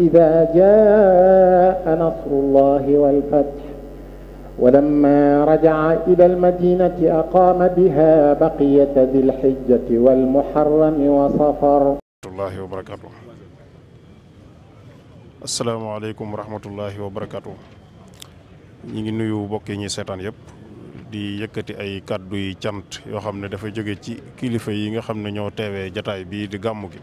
إذا جاء نصر الله والفتح ولما رجع إلى المدينة أقام بها بقية ذي الحجة والمحرم وصفر الله وبركاته السلام عليكم ورحمة الله وبركاته ñi ngi nuyu mbokk yi ñuy seetaan yëpp di yëkkati ay kàddu yi cant yoo xam ne dafa jóge ci kilifa yi nga xam ne ñoo teewee jataay bii di gàmmu gi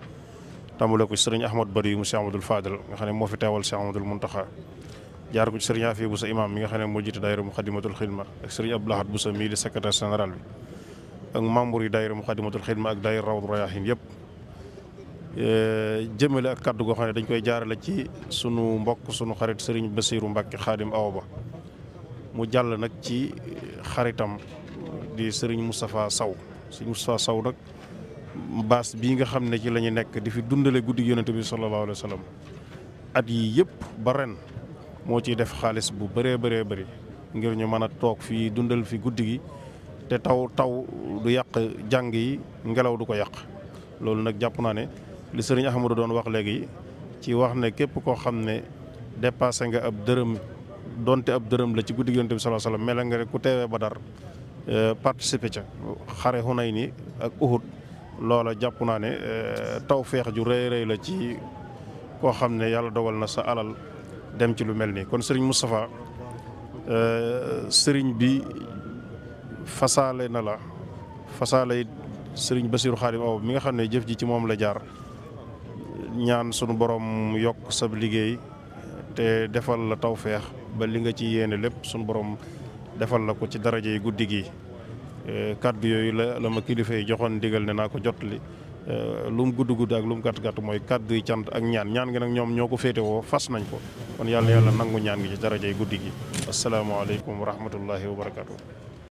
tàmbale ko ci sëriñ Ahmad Bari mu Cheikh Amadou nga xam ne moo fi teewal Cheikh Amadou Mountakha jaar ko ci sëriñ Afi Boussa imam mi nga xam ne moo jiite daayira Muxadimatul Xidma ak sëriñ Abdou Lahad Boussa mii di secrétaire général bi ak membre yi daayira Muxadimatul Xidma ak daayira Rawdu Rayaahin yëpp eh, jëmale ak kàddu goo xam ne dañ koy jaarale ci suñu mbokk suñu xarit sëriñ Basiiru Mbàkke Xaadim Awa Ba mu jàll nag ci xaritam di sëriñ Moustapha Saw sëriñ Moustapha Saw nag baas bii nga xam ne ci la ñu nekk di fi dundale guddi yonente bi sallallahu alayhi wa sallam at yii yëpp ba ren moo ciy def xaalis bu bëree bëree bëri ngir ñu mën a toog fii dundal fi guddi gi te taw taw du yàq jàng yi ngelaw du ko yàq loolu nag jàpp naa ne li sëriñ Ahmadou doon wax léegi ci wax ne képp koo xam ne dépassé nga ab dërëm donte ab dërëm la ci guddi yonente bi sallallahu alayhi wa mel nga rek ku teewee dar euh, participer ca xare Hunayn ni ak loola jàpp naa ne euh, tawféex ju rëy rëy la ci koo xam ne yàlla dogal na sa alal dem ci lu mel nii kon sëriñ Moustapha euh, sëriñ bi fasaale na la fasaale it sëriñ Basiiru Xaadim Awa mi nga xam ne jëf ji ci moom la jaar ñaan sunu borom yokk sab liggéey te defal la tawféex ba li nga ci yéene lépp sunu borom defal la ko ci daraja yi guddi gi Euh, kàddu yooyu la la ma kilifa yi joxoon ndigal ne naa ko jottali euh, lu mu gudd gudd ak lu mu gàtt gàtt mooy kàddu yi cant ak ñaan ñaan gi nag ñoom ñoo ko féetewoo fas nañ ko kon yàlla yàlla nangu ñaan gi ci darajay guddi gi asalaamaaleykum wa rahmatullahi wa barakaatu.